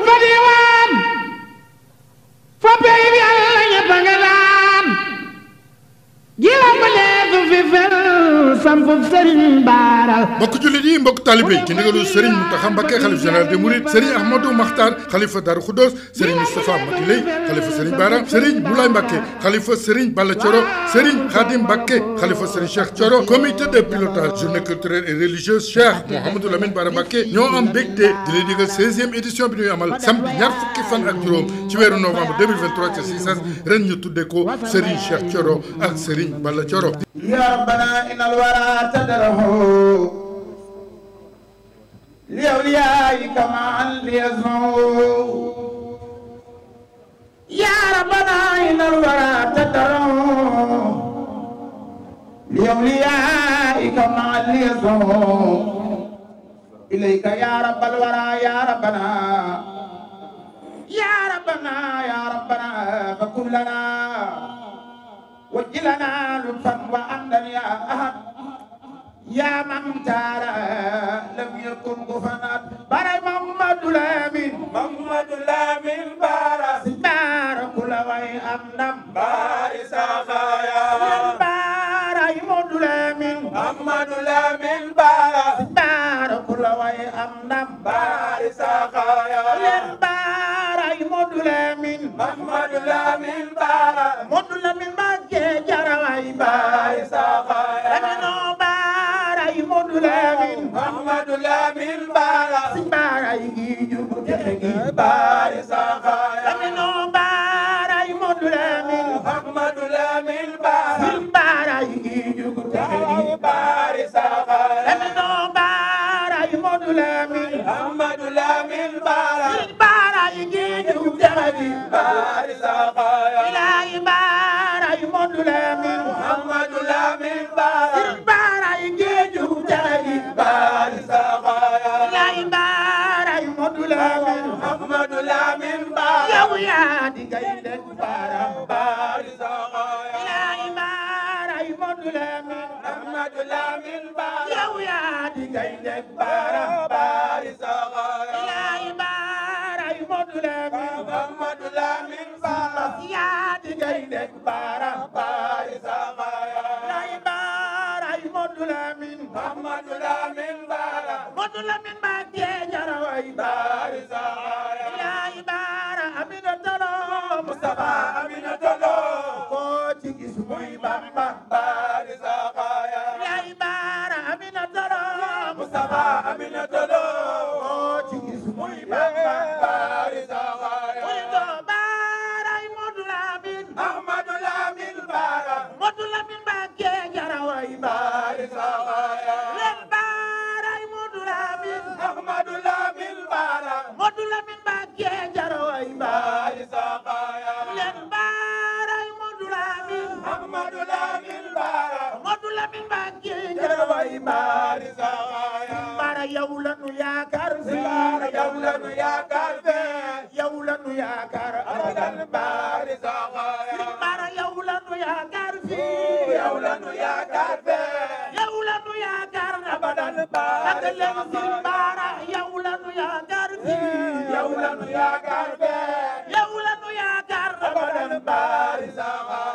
محمد xam foofu Serigne Bara. mbokk jullit yi mbokk taalibe yi ci ndigalu Serigne Mountakha Mbacké xalif général des Mourides Serigne Ahmadou Makhtar xalifa Darou Khoudoss Serigne Moustapha Matiley xalifa Serigne Bara Serigne Moulay Mbacké xalifa Serigne Balla Thioro Serigne Khadim Mbacké xalifa Serigne Cheikh Thioro comité de pilotage journée culturelle et religieuse Cheikh Mouhamadou Lamine Bara Mbacké ñoo am mbégte di leen digal 16e édition bi ñuy amal samedi ñaar fukki fan ak juróom ci weeru novembre 2023 ci Sisas ren ñu tuddee ko Serigne Cheikh Thioro ak Serigne Balla Thioro. تدره لأوليائك معا ليزنوا يا ربنا إن الورى تدره لأوليائك معا ليزنوا إليك يا رب الورى يا ربنا يا ربنا يا ربنا فكن لنا وجلنا لطفا وأمدا يا أحد يا من جارا لم يكن كفنا بارا محمد لامين محمد لامين بارا بارا كل واي أمنام بارا سخايا بارا محمد لامين محمد لامين بارا بارا كل واي أمنام بارا سخايا بارا محمد لامين محمد لامين بارا محمد لامين ما جارا واي بارا سخايا Mamadou Lamine Mamadou Lamine Bara si Bara yi ngi jub jëfe ngi Bara Sakha yow yaa di gaynde gu baram bari soxo ilaahi maaray Modou Lamine Amadou Lamine Ba yow yaa di gaynde gu baram bari soxo ilaahi maaray Modou Lamine Amadou Lamine Ba yaa di gaynde gu baram bari soxo ilaahi maaray Modou Lamine Amadou Lamine Ba Modou Lamine Ba ke jaraway bari soxo Baba Aminata Madu Lamin Baara Madu Lamin Mbàkke jërëway Mbaari Saxaaya Mbaara yow la nu yaakaar si Mbaara yow la nu yaakaar fee yow la nu yaakaar abadan Mbaari Saxaaya Mbaara yow la nu yaakaar fii yow la nu yaakaar fee yow la nu yaakaar abadan Mbaari Saxaaya Mbaara yow la nu yaakaar fii yow la nu yaakaar fee yow la nu yaakaar abadan Mbaari Saxaaya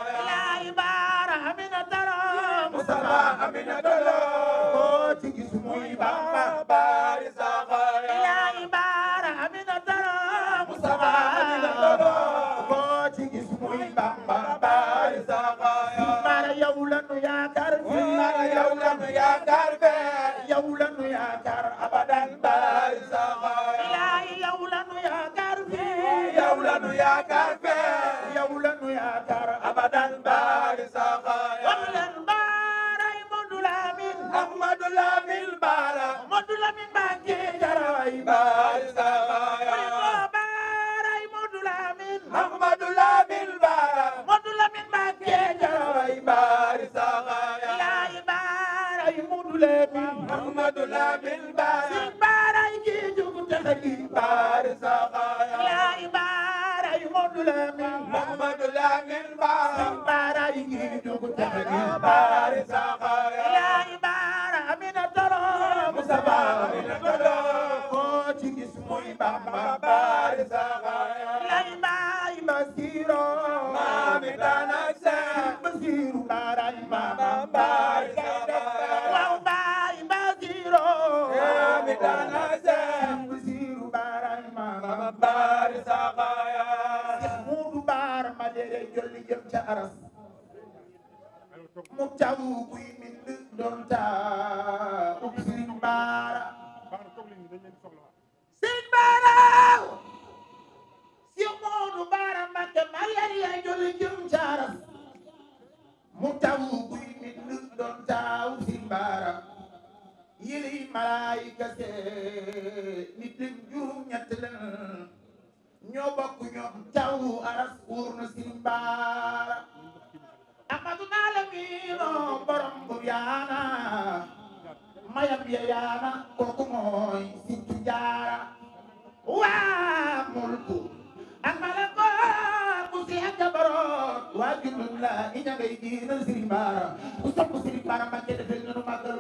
Aminata la ko ci gis muy Bamba mu taw buy bind doon taa Sëriñ Baara Sëriñ Baara mu baara Mbàkke ma yar yaay doon taaw si mbaara yili malaayika se nit lim juróom ñett len ñoo bokk ñoom aras wuur na si mbaara amadu naa la borom bu yaana mayam ya yaana kooku mooy tey jii réew Serigne Bara ku sopp Serigne Bara Mbacké defal na nu màggal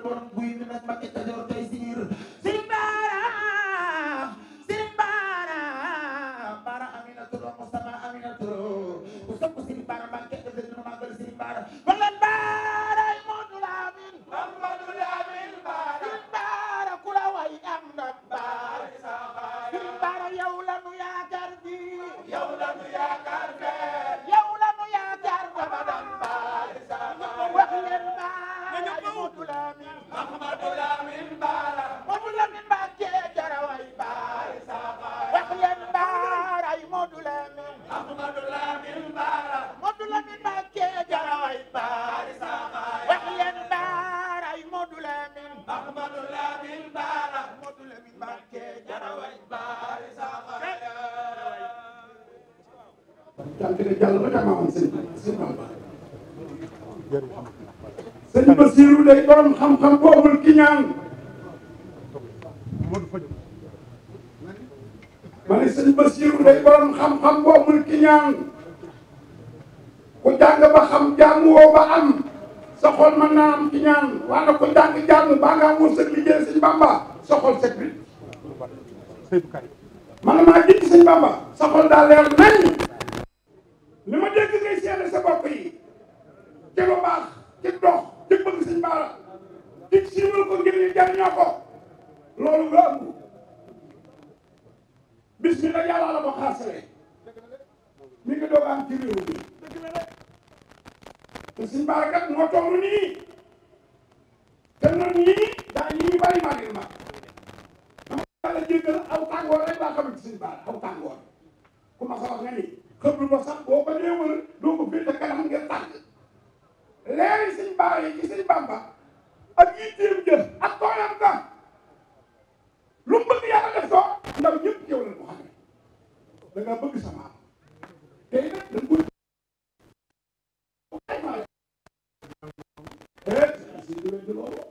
ñaan ma ne sëñ Basiiru day borom xam-xam boo mul ki ñaan ku jàng ba xam jaamu woo ba am sa xol mën naa ki ñaan wala ku jàng jaamu baa ngaa wërsëg liggéey sëñ Bamba sa xol set bi man maa dégg sëñ Bamba sa xol daa leer nañ ma dégg ngay seede sa bopp yi ci baax ci dox ci bëgg sëñ Bara di siiwal ko ngir ñu jariñoo ko loolu nga am bis bi nag yàlla la ma xaasale mi ngi doog am ci réew mi te suñu baarakat moo toll nii te noonu nii daa ñi ñu bari maa ngi ma dama yàlla jéggal aw tàngoor rek laa xamante suñu baara aw tàngoor ku ma sa wax nga ni xëblu ba sax boo ko dee wër doo ko féete kanam ngir tànk leeri suñu baara yi ci suñu bamba ak yitteem jëf ak toolam ga lu mu bëgg yàlla def ko ndaw ñëpp yow la ko xamee da nga bëgg sa maam tey nag da nga koy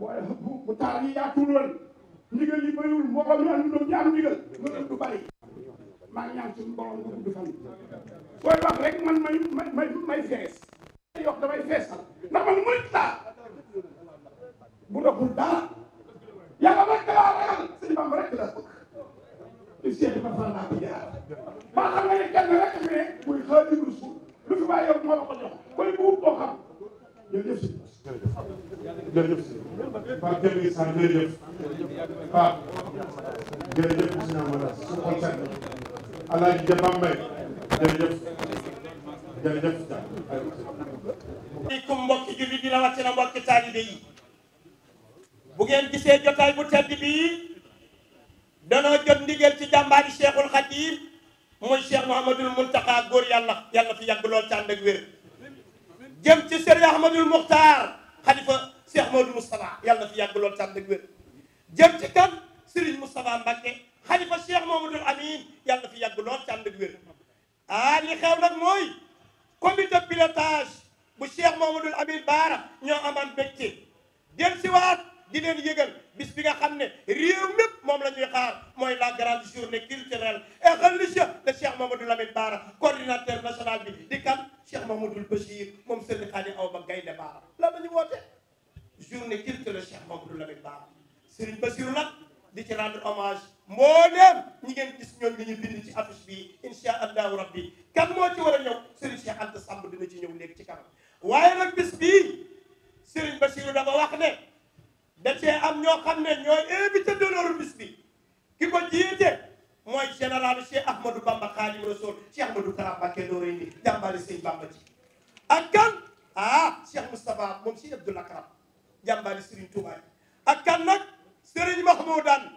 bu bu taal yi yaatuwul woon ndigal yi bëriwul moo xam ne am ñu am ndigal loolu du bari maa ngi ñaan suñu borom du fan booy wax rek man may may may fees ay wax damay feesal ndax man murit laa bu doxul dara yàlla rek laa ragal sëñ Bamba rek la bëgg di seeti ba fan laa ko jaar maa xam nga ne kenn rek fi ne muy xaadimu rasul lu fi waay yow moo la ko jox koy bu boo xam jërëjëf jërëjëf jërëjëf Pape jërëjëf Sane jërëjëf Pape jërëjëf Ousmane Amara su xol set Alaaji Jabam Mbay jërëjëf jërëjëf aleykum mbokki julli di rawatina mbokki taalibe yi bu ngeen gisee jotaay bu tedd bii danoo jot ndigal ci jàmbaari Cheikhul Khadim muy Cheikh Mouhamadoul Mountakha góor yàlla yàlla fi yàgg lool ci ànd ak wér Seydi Ahmadul Muxtaar xalifa Cheikh Modou Moustapha yàlla na fi yàgg lool tànn ak wér jëm ci kan Serigne Moustapha Mbacke xalifa Cheikh Mamadou Amine yàlla na fi yàgg lool tànn ak wér ah li xew nag mooy comité pilotage bu Cheikh Mamadou Amine Baara ñoo amaan mbégte jël si waat di leen yëgal bis bi nga xam ne réew mépp moom la ñuy xaar mooy la grande journée culturelle et religieuse de Cheikh Mamadou Lamine Bara coordinateur national bi di kan Cheikh Mamadou Bachir moom sëriñ Xaadi aw ba Gaynde Bara lan la ñu woote journée culturelle Cheikh Mamadou Lamine Bara Serigne Bachir nag di ci rendre hommage mbooleem ñi ngeen gis ñoom ñu ñu bind ci affiche bi insha allahu rabbi kan moo ci war a ñëw Serigne Cheikh Anta Samb dina ci ñëw léegi ci kanam waaye nag bis Serigne Bachir dafa da cee am ñoo xam ne ñooy invité d'honneur bis bi ki ko jiite mooy général Cheikh Ahmadou Bamba Khadim Rasoul Cheikh Ahmadou Kara Mbacké doo rëy ni jàmbaari sëñ Bamba ji ak kan ah Cheikh Moustapha moom Cheikh Abdoul Akram jàmbaari Serigne Touba yi ak kan nag Serigne Mahmoudane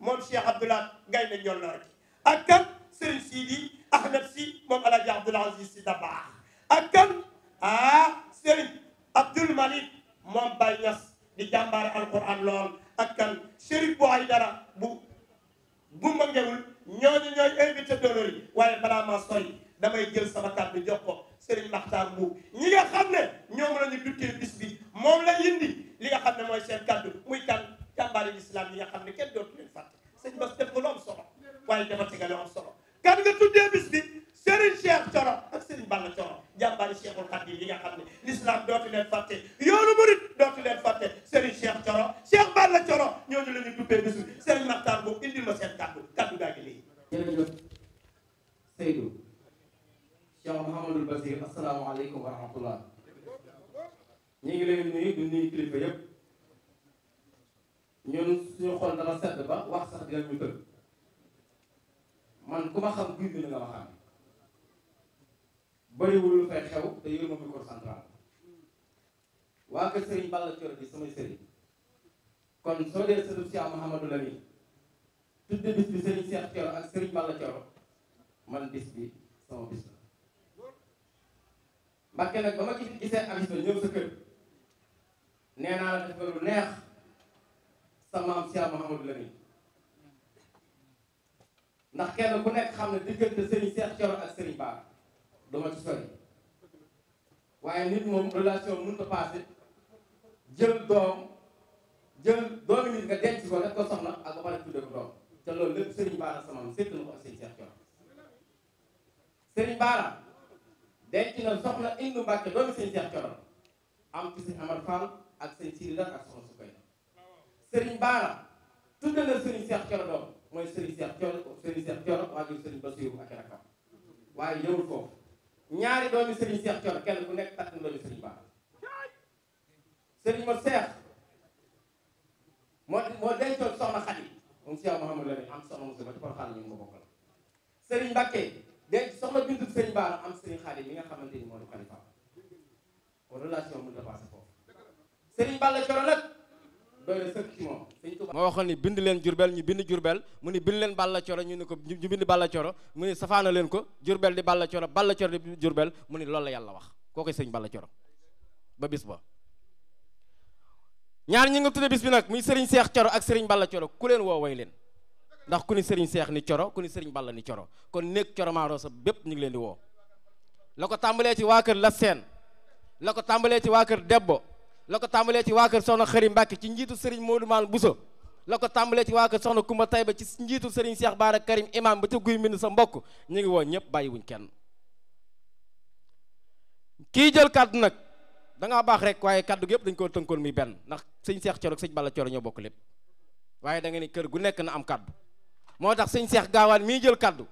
moom Cheikh Abdoulaye Gaynde ñol la rek ak kan Serigne Sidi Ahmed Sy moom Alaaji Abdoul Aziz Sy Dabakh ak kan ah Serigne Malik moom Baye Niass di jàmbaare alquran lool ak kan Chérif bu ay dara bu bu mbëngewul ñooñu ñooy invité d'honneur yi waaye balaa maa sori damay jël sama kàddu jox ko Serigne Makhtar Mbow ñi nga xam ne ñoom la ñu duttee bis bi moom la yindi li nga xam ne mooy seen kàddu muy kan jàmbaari islam yi nga xam ne kenn dootu leen fàtte sëñ Bass def ko lu am solo waaye dafa tega lu am solo kan nga tuddee bis bi Serigne Cheikh Thioro ak Serigne Balla Thioro xam ne l'islam dootu leen fàtte yoonu murit ñooñu suñu xool dana sedd ba wax sax dinañ ñu tënk man ku ma xam guy bi ni nga ma xam bëriwul lu fay xew te yéen moom micro central waa kër Serigne Balla Thior bi samay sëriñ kon soo dee sëriñ Cheikh Mouhamadou man bis bi sama bis la Mbàkke nag ba ma gisee ak ku nekk xam ne di sëriñ Cheikh Thioro ak sëriñ Bara duma ci sori waaye nit moom relation mënut a passé jël doom jël doomi nit nga denc ko def soxna ak ba pare tudde ko doom te loolu lépp sëriñ Bara sama am séq na ko ak sëriñ soxna Ibnu Mbàkke doomi sëriñ Cheikh Thioro am ci sëriñ Amar Fall ak sëriñ Siri Lat ak soxna sëriñ Bara tudde doom mooy Serigne Cheikh Thioro Serigne Cheikh Thioro waajur Serigne Bassirou ak rakam waaye ñëwul foofu ñaari doomi Serigne Cheikh Thioro kenn ku waxoon ni bind leen jurbel ñu bind jurbel mu ni bind leen balla coro ñu ni ko ñu bind balla coro mu ni safaana leen ko jurbel di balla coro balla coro di mu ni loolu la yàlla wax koo koy sëñ balla coro ba bis ba ñaar ñi nga tudde bis bi nag muy sëriñ seex coro ak sëriñ balla coro ku leen woo way leen ndax ku ni sëriñ seex ni coro ku ni sëriñ balla ni coro kon néeg coro maaroo sa bépp ñu ngi leen di woo la ko tàmbalee ci waa kër la seen la ko tàmbalee ci waa kër debbo la ko tàmbalee ci waa kër soxna xëri mbàkke ci njiitu sëriñ moodu maan la ko tàmbalee ci waa kër soxna Kumba ba ci njiitu seex Cheikh Bara Karim imam ba ca guy mbind sa mbokk ñu ngi woon ñëpp bàyyiwuñ kenn kii jël kàddu nag da baax rek waaye kàddu gi yëpp dañ koo tënkoon muy benn ndax sëñ seex Thioro ak sëñ Balla Thioro ñoo bokk lépp waaye da nga ni kër gu nekk na am kàddu moo tax sëñ seex Gaawaan mii jël kàddu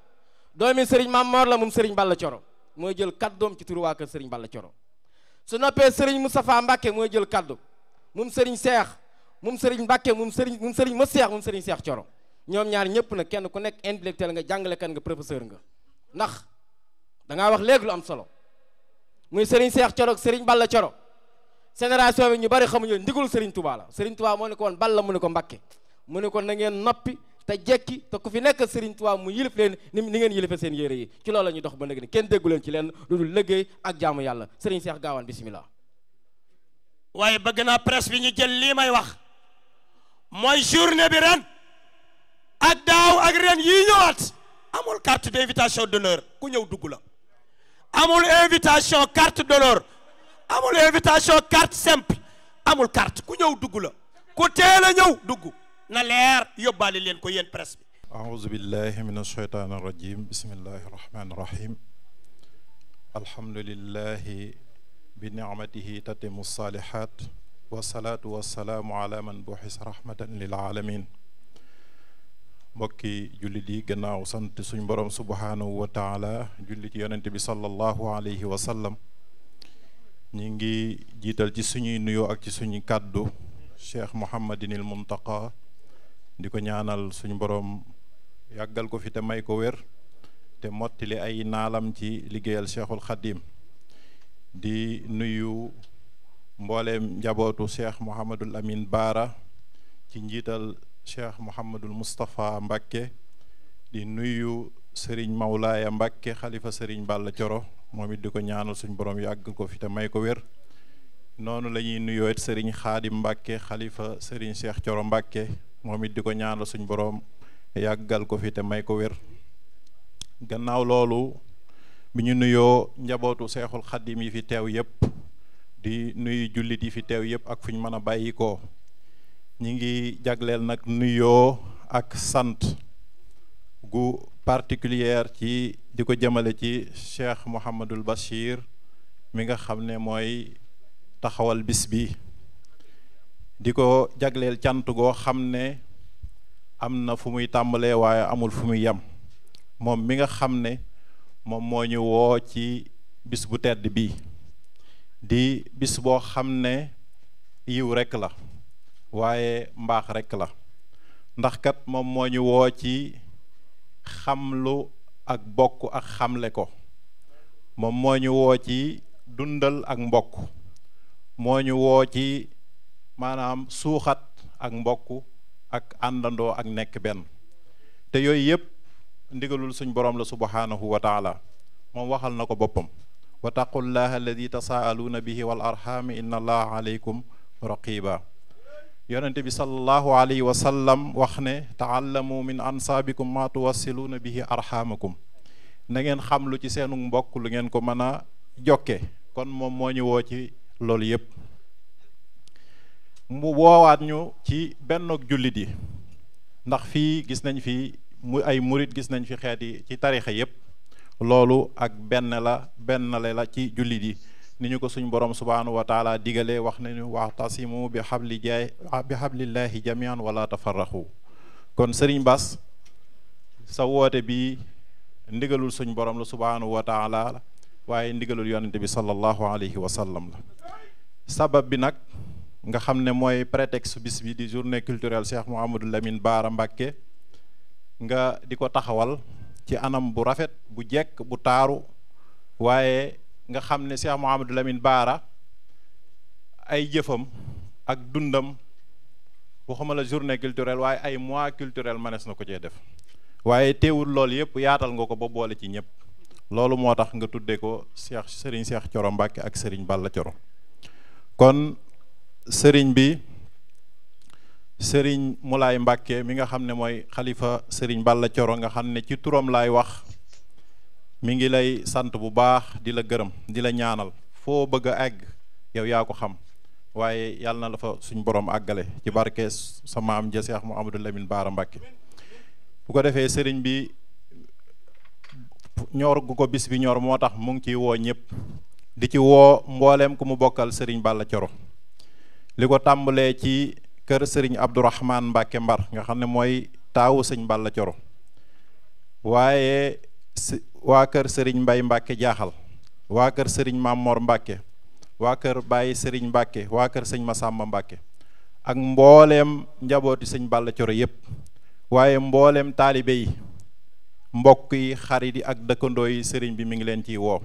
doomi sëriñ Mame Mor la moom Serigne Balla Thioro mooy jël kàddoom ci turu waa kër Serigne Balla Thioro su noppee Serigne Moustapha Mbacke mooy jël kàddu moom Serigne Cheikh moom sëriñ Mbàkke moom sëriñ moom sëriñ ma seex moom sëriñ seex coro ñoom ñaar ñëpp nag kenn ku nekk intellectuel nga jàngalekat nga professeur nga ndax dangaa wax léegi lu am solo muy sëriñ seex coro ak sëriñ Balla coro génération bi ñu bari xamuñu ndigalu sëriñ Touba la sëriñ Touba moo ne ko woon Balla mu ne ko Mbàkke mu ne ko na ngeen noppi te jekki te ku fi nekk sëriñ Touba mu yilif leen ni ni ngeen yilife seen yére yi ci loolu la ñuy dox ba nag ni kenn déggu leen ci leen lu ak jaamu yàlla sëriñ seex gaawaan bisimilah. mooy journée bi ren ak daaw ak ren yii ñëwaat amul carte d' d'honneur ku ñëw dugg la amul invitation carte d'honneur amul invitation carte simple amul carte ku ñëw dugg la ku teel a ñëw dugg na leer yóbbaale leen ko yéen presse bi aouzu billahi min asheytaan arrajim salihat wasalaatu wasalaamu ala man buxis rahmatan lil aalamin mbokki jullit yi gannaaw sant suñ borom subhaanahu wa taala julli ci yonent bi sallallahu alayhi wa sallam ñi ngi jiital ci suñuy nuyoo ak ci suñu kàddu cheikh mohamadinil muntaqa di ko ñaanal suñu boroom yàggal ko fi te may ko wér te mottali ay naalam ci liggéeyal cheikhul xadim di nuyu mbooleem njabootu cheikh Mouhamadul Amin Baara ci njiital cheikh Mouhamadul mustapha Mbakke di nuyu Serigne Mawlaaya Mbakke xalifa Serigne Balla Coro moom it di ko ñaanal suñ borom yu àgg ko fi te may ko wér noonu la nuyoo it Serigne Xaadim xalifa Serigne Cheikh Coro Mbakke moom it di ko ñaanal suñ borom yàggal ko fi te may ko wér gannaaw loolu bi ñu nuyoo njabootu seexul xaddim yi fi teew yépp di nuyu jullit yi fi teew yëpp ak fu ñu mën a bàyyi ko ñi ngi jagleel nag nuyoo ak sant gu particulière ci di ko jëmale ci Cheikh Mouhamadul Bachir mi nga xam ne mooy taxawal bis bi di ko jagleel cant goo xam ne am na fu muy tàmbalee waaye amul fu mu yem moom mi nga xam ne moom moo ñu woo ci bis bu tedd bii di bis boo xam ne yiw rekk la waaye mbaax rekk la ndax kat moom moo ñu woo ci xamlu ak bokk ak xamle ko moom moo ñu woo ci dundal ak mbokk moo ñu woo ci maanaam suuxat ak mbokk ak àndandoo ak nekk benn te yooyu yëpp ndigalul suñ borom la subhanahu wa taala moom waxal na ko boppam wa taqullaha alladi tasaaluuna bihi wal arxaami inna allaha aleykum raqiba yonente bi salallahu alayhi wa sallam wax ne taallamu min ansaabikum ma tuwassiluuna bihi arxaamakum na ngeen xam ci seenu mbokk lu ngeen ko mën a jokke kon moom moo ñu woo ci loolu yépp mu ñu ci bennook jullit yi ndax fii gis nañ fi mu ay murit gis nañ fi xeet yi ci tarixa yépp loolu ak benn la benn la ci jullit yi ni ñu ko suñ boroom subhaanahu wa taala wax nañu waxtasimu bi xabli jaay bi xablillahi jamian wala tafarraxu kon sëriñ Bass sa woote bi ndigalul suñ borom la subhaanahu wa taala waaye ndigalul yonente bi sallallahu alayhi wa sallam sabab bi nag nga xam ne mooy prétexte bis bi di journée culturelle Cheikh Mouhamadou Lamine Baara Mbàkke nga di ko taxawal ci anam bu rafet bu jekk bu taaru waaye nga xam ne Cheikh Mouhamadou Lamine Baara ay jëfam ak dundam waxuma la journée culturel waaye ay mois culturel manees na ko cee def waaye teewul loolu yëpp yaatal nga ko ba boole ci ñëpp loolu moo tax nga tuddee ko Cheikh Serigne Cheikh Coro Mbacke ak Serigne Balla Coro kon Serigne bi. Serigne Moulay Mbacke mi nga xam ne mooy xalifa Serigne Balla Coro nga xam ne ci turam laay wax mi ngi lay sant bu baax di la gërëm di la ñaanal foo bëgg a àgg yow yaa ko xam waaye yàlla na la fa suñ borom àggale ci barke sa maam ja Seex Muhammadu Lamin Baara Mbacke bu ko defee sëriñ bi ñor gu ko bis bi ñor moo tax mu ngi ciy woo ñëpp di ci woo mbooleem ku mu bokkal sëriñ Balla Coro li ko tàmbalee ci. kër sëriñ Abdourahman Mbacke Mbar nga xam ne mooy taawu sëñ Balla Coro waaye waa kër sëriñ Mbay mbakke Jaaxal waa kër sëriñ Mamor mbakke waa kër Baye sëriñ mbakke waa kër sëñ Masamba Mbacke ak mbooleem njabooti sëñ Balla Coro yépp waaye mboolem taalibe yi mbokk yi xarit yi ak dëkkandoo yi sëriñ bi mu ngi leen ciy woo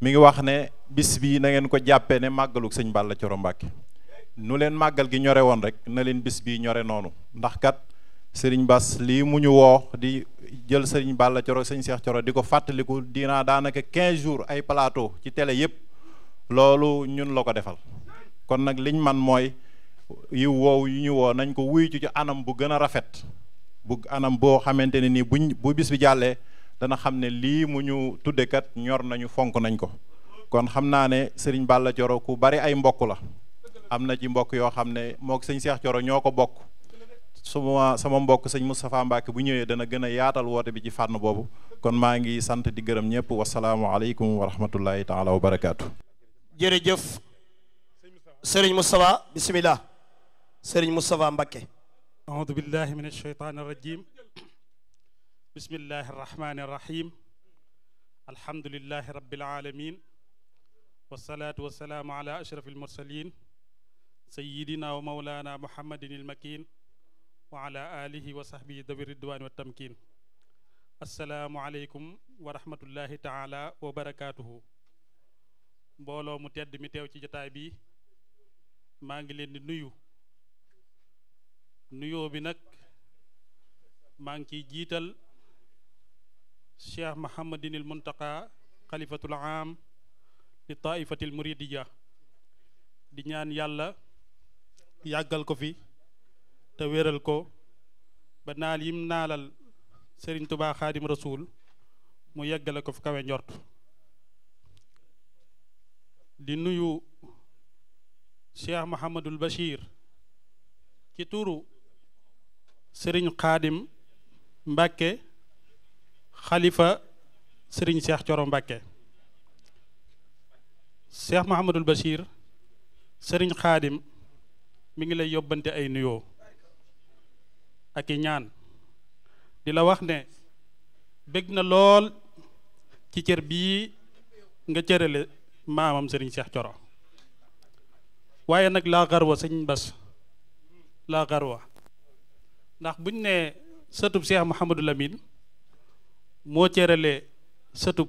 mu ngi wax ne bis bii na ngeen ko jàppee ne màggalug sëñ Balla Coro Mbacke nu leen màggal gi ñore woon rek na leen bis bi ñore noonu ndax kat sëriñ bas lii mu ñu woo di jël sëriñ Balla Coro sëriñ Cheikh Coro di ko fàttaliku dinaa daanaka 15 jours ay palato ci tele yëpp loolu ñun la ko defal kon nag liñ man mooy yu woow yi ñu woo nañ ko wuy ci anam bu gën a rafet bu anam boo xamante ne nii buñ bu bis bi jàllee dana xam ne lii mu ñu kat ñor nañu fonk nañ ko kon xam naa ne sëriñ Balla Coro ku bari ay mbokk la am na ci mbokk yoo xam ne moog sëñ Cheikh Thioro ñoo ko bokk suma sama mbokk sëñ Moustapha Mbacke bu ñëwee dana gën a yaatal woote bi ci fànn boobu kon maa ngi sant di gërëm ñëpp wasalaamualeykum wa rahmatullahi taala wa barakaatu. jërëjëf Serigne Moustapha bisimilah Serigne Moustapha Mbacke. aoudu billahi min ashaytaani ala ashrafil mursalin sayyidina wa mawlaana muhammadin il makin wa ala alihi wa sahbihi dawi ridwaan wa tamkin assalaamu aleykum wa rahmatullahi taala wa barakaatuhu mbooloo mu tedd mi teew ci jataay bi maa ngi leen di nuyu nuyoo bi nag maa ngi ciy jiital cheikh mahamadinil muntaqa xalifatul aam li taaifatil muridiya di ñaan yàlla yàggal ko fi te wéral ko ba naal yim naalal Serigne Touba Xaadim Rasuul mu yeggale ko fu kawe njort di nuyu Cheikh Mouhamadul Bachir ci turu Serigne Xaadim Mbàkke xalifa Serigne Cheikh Coro Mbàkke Cheikh Mouhamadul Bachir Serigne Xaadim mi ngi lay yóbbante ay nuyoo ak ñaan di la wax ne bëgg na lool ci cër bii nga cërale maamam sëriñ seex Thioro waaye nag laa xarwa sëñ Bass laa xarwa ndax buñ ne sëtub Cheikh Mouhamadou Lamine moo cërale sëtub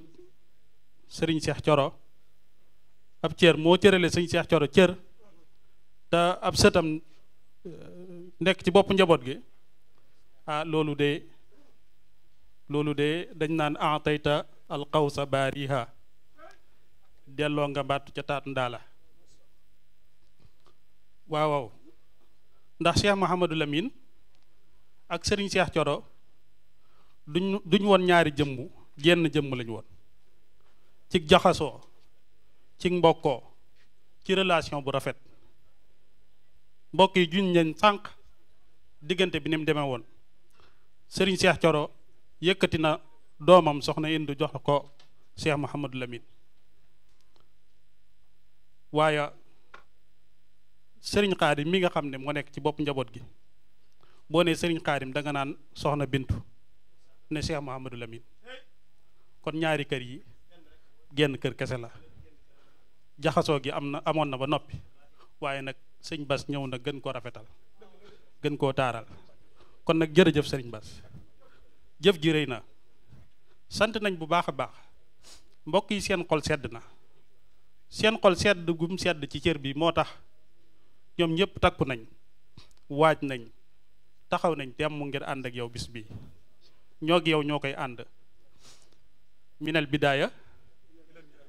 sëriñ seex coro ab cër moo cërale sëñ seex coro cër te ab sëtam euh, nekk ci bopp njaboot gi ah loolu de loolu de dañ naan atayta alqawsa baariha delloo nga mbattu ca taatu ndaala waaw waaw ndax Cheikh Mouhamadou Lamine ak Serigne Cheikh Thioro duñ duñ woon ñaari jëmm genn jëmm lañ woon ci jaxasoo ci mbokkoo ci relation bu rafet mbokk yi juñ leen sànq diggante bi ni mu demee woon sëriñ Cheikh Coro yëkkati na doomam soxna Indu jox ko Cheikh Mouhamadou Lamine waaye sëriñ Xaadim mi nga xam ne moo nekk ci bopp njaboot gi boo nee sëriñ Xaadim danga naan soxna Bintu ne Cheikh Mouhamadou Lamine kon ñaari kër yi genn kër kese la jaxasoo gi am na amoon na ba noppi waaye nag. sëñ Bas ñëw na gën koo rafetal gën koo taaral kon nag jërëjëf sëriñ Bas jëf ji rëy na sant nañ bu baax a baax mbokk yi seen xol sedd na seen xol sedd gum sedd ci cër bi moo tax ñoom ñëpp takku nañ waaj nañ taxaw nañ temm ngir ànd ak yow bis bi ñoo gi yow ñoo koy ànd minal bidaaya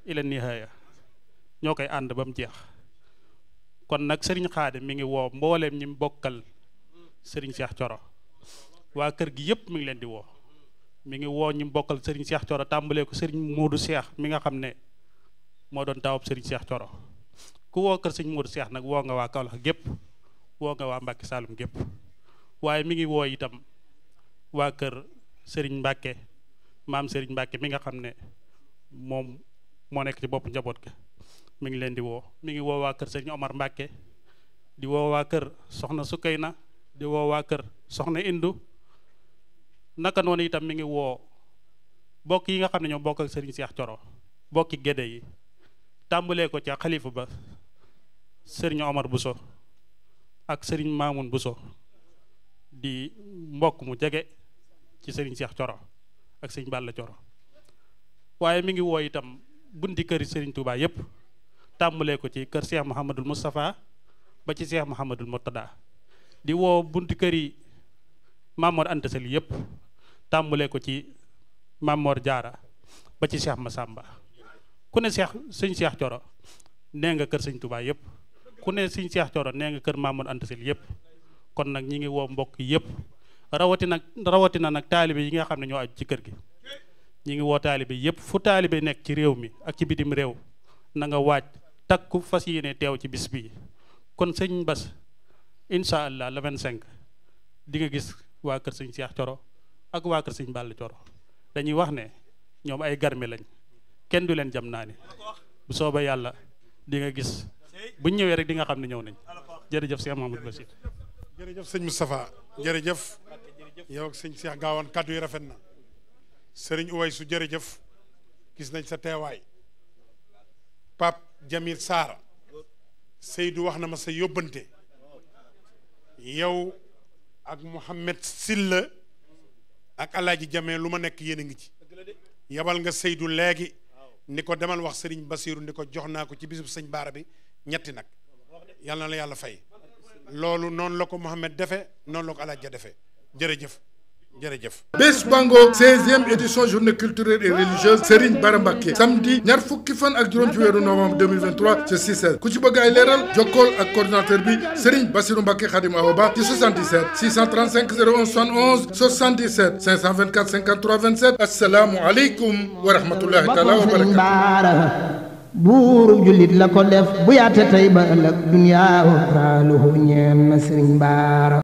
ila nihaaya ñoo koy ànd ba mu jeex kon nag sëriñ xaadim mi ngi woo mbooleem ñi bokkal sëriñ seex Thioro waa kër gi yëpp mu ngi leen di woo mi ngi woo ñi mbokkal sëriñ Cheikh Thioro tàmbalee ko sëriñ Modou Cheikh mi nga xam ne moo doon taawub sëriñ seex Thioro ku woo kër sëriñ Modou Cheikh nag woo nga waa Kaolack gépp woo nga waa Mbàkke Saalum gépp waaye mi ngi woo itam waa kër sëriñ mbakke maam sëriñ mbakke mi nga xam ne moom moo nekk ci bopp njaboot ga mi ngi leen di woo mi ngi woo waa kër sëñ Omar Mbàkke di woo waa kër soxna na di woo waa kër soxna Indu naka noonu itam mi ngi woo bokk yi nga xam ne ñoo bokk ak sëriñ Seex Coro bokki gédé yi tàmbalee ko ca xalifa ba sëriñ bu so ak sëriñ Maamun so di mbokk mu jege ci sëriñ Seex Coro ak sëriñ Balla Coro waaye mi ngi woo itam bunti këri sëriñ Touba yépp lee ko ci kër Cheikh Mouhamadul Moustapha ba ci Cheikh Mouhamadul Mourtada di woo bunt kër yi Mamor Anta Sali yëpp tàmbalee ko ci Mamor Jaara ba ci ma Massamba ku ne seex sëñ Cheikh Coro nee nga kër sëñ Touba yëpp ku ne sëñ Cheikh Coro nee nga kër Mamor Anta yëpp kon nag ñi ngi woo mbokk yëpp rawatina rawatina nag taalibe yi nga xam ne ñoo aju ci kër gi ñi ngi woo taalibe yëpp fu taalibe nekk ci réew mi ak ci bitim réew na waaj takku fas ne teew ci bis bii kon sëñ Bas incha allah le 25 di nga gis waa kër sëñ Cheikh Coro ak waa kër sëñ Balla Coro dañuy wax ne ñoom ay garmi lañ kenn du leen jam naa ni bu sooba yàlla di nga gis buñ ñëwee rek di nga xam ne ñëw nañ jërëjëf sëñ Mamadou Bachir. jërëjëf sëñ Moustapha jërëjëf yow sëñ Cheikh Gaawaan kàddu yi rafet na sëriñ Uway su jërëjëf gis nañ sa teewaay Jamil Saara Seydou wax na ma sa yóbbante yow ak Mouhamed Silla ak Alaaji Jamee lu ma nekk yéen a ngi ci yabal nga Seydou léegi ni ko demal wax sëriñ Basiru ni ko jox naa ko ci bisub sëñ Baara bi ñetti nag yàlla na la yàlla fay loolu noonu la ko Mouhamed defe noonu la ko Alaaji ja defe jërëjëf jërëjëf bés bangoog 16e édition journée culturelle et religieuse Serigne Bara Mbacké samedi ñaar fukki fan ak juróom ci weeru novembre 2023 ci Cissé ku ci bëgg ay leeral jokkool ak coordinateur bi Serigne Bassirou Mbacké Khadim Awa Ba ci 77 635 01 71 77 524 53 27 asalaamu aleykum wa rahmatullahi taala wa barakatuh buuru jullit la ko def bu yaate tey ba ëllëg ñeen na Serigne